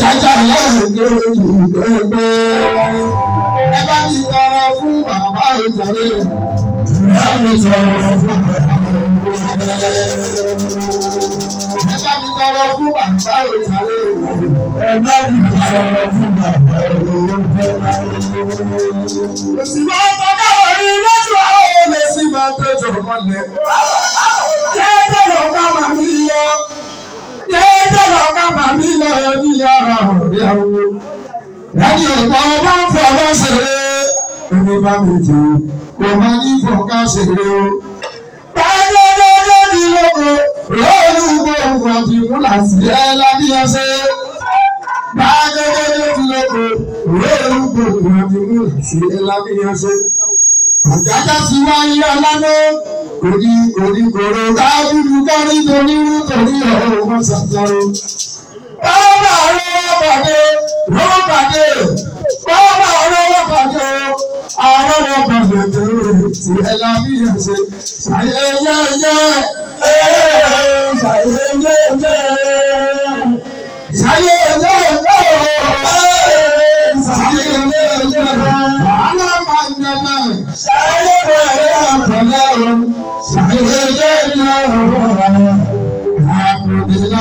jájá aláìlérò ìgbẹ́gbẹ́. ẹ bá mi tọrọ fún ẹ bá mi tọrọ fún bàbá ìtọ́lé. ẹ bá mi tọrọ fún bàbá ìtọ́lé. ẹ bá mi tọrọ fún bàbá ìtọ́lé. òsì lẹ́ẹ̀dọ́là kábà mí lọ́yọ̀ ní yàrá ọ̀rẹ́ àwọn. Láti ọ̀pọ̀ ọba ń fọ ọba ṣeré. Ẹni bá mi jù kò má ní fọ̀ọ́ká ṣeré o. Báyọ̀ lọ́jọ́ ní lóko, lóòlù gbòòrò àti múlàsí ẹ̀ lábíyànṣe. Báyọ̀ lọ́jọ́ ní lóko, lóòlù gbòòrò àti múlàsí ẹ̀ lábíyànṣe. Àjájá ti wáyé ọlọ́dún orí orí kòró káàbùrù kárí torí nítorí ọ̀rọ̀ wọn ṣàtọrọ. bọ́ọ̀bà ọlọ́wọ́ pàdé lọ́wọ́ pàdé bọ́ọ̀bà ọlọ́wọ́ pàdé àwọn ọmọ pàdé tẹ̀lé tí ẹ la bí yẹn ṣe ṣàyẹyẹyẹ ṣàyẹyẹyẹ ṣàyẹyẹyẹ.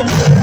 Thank you.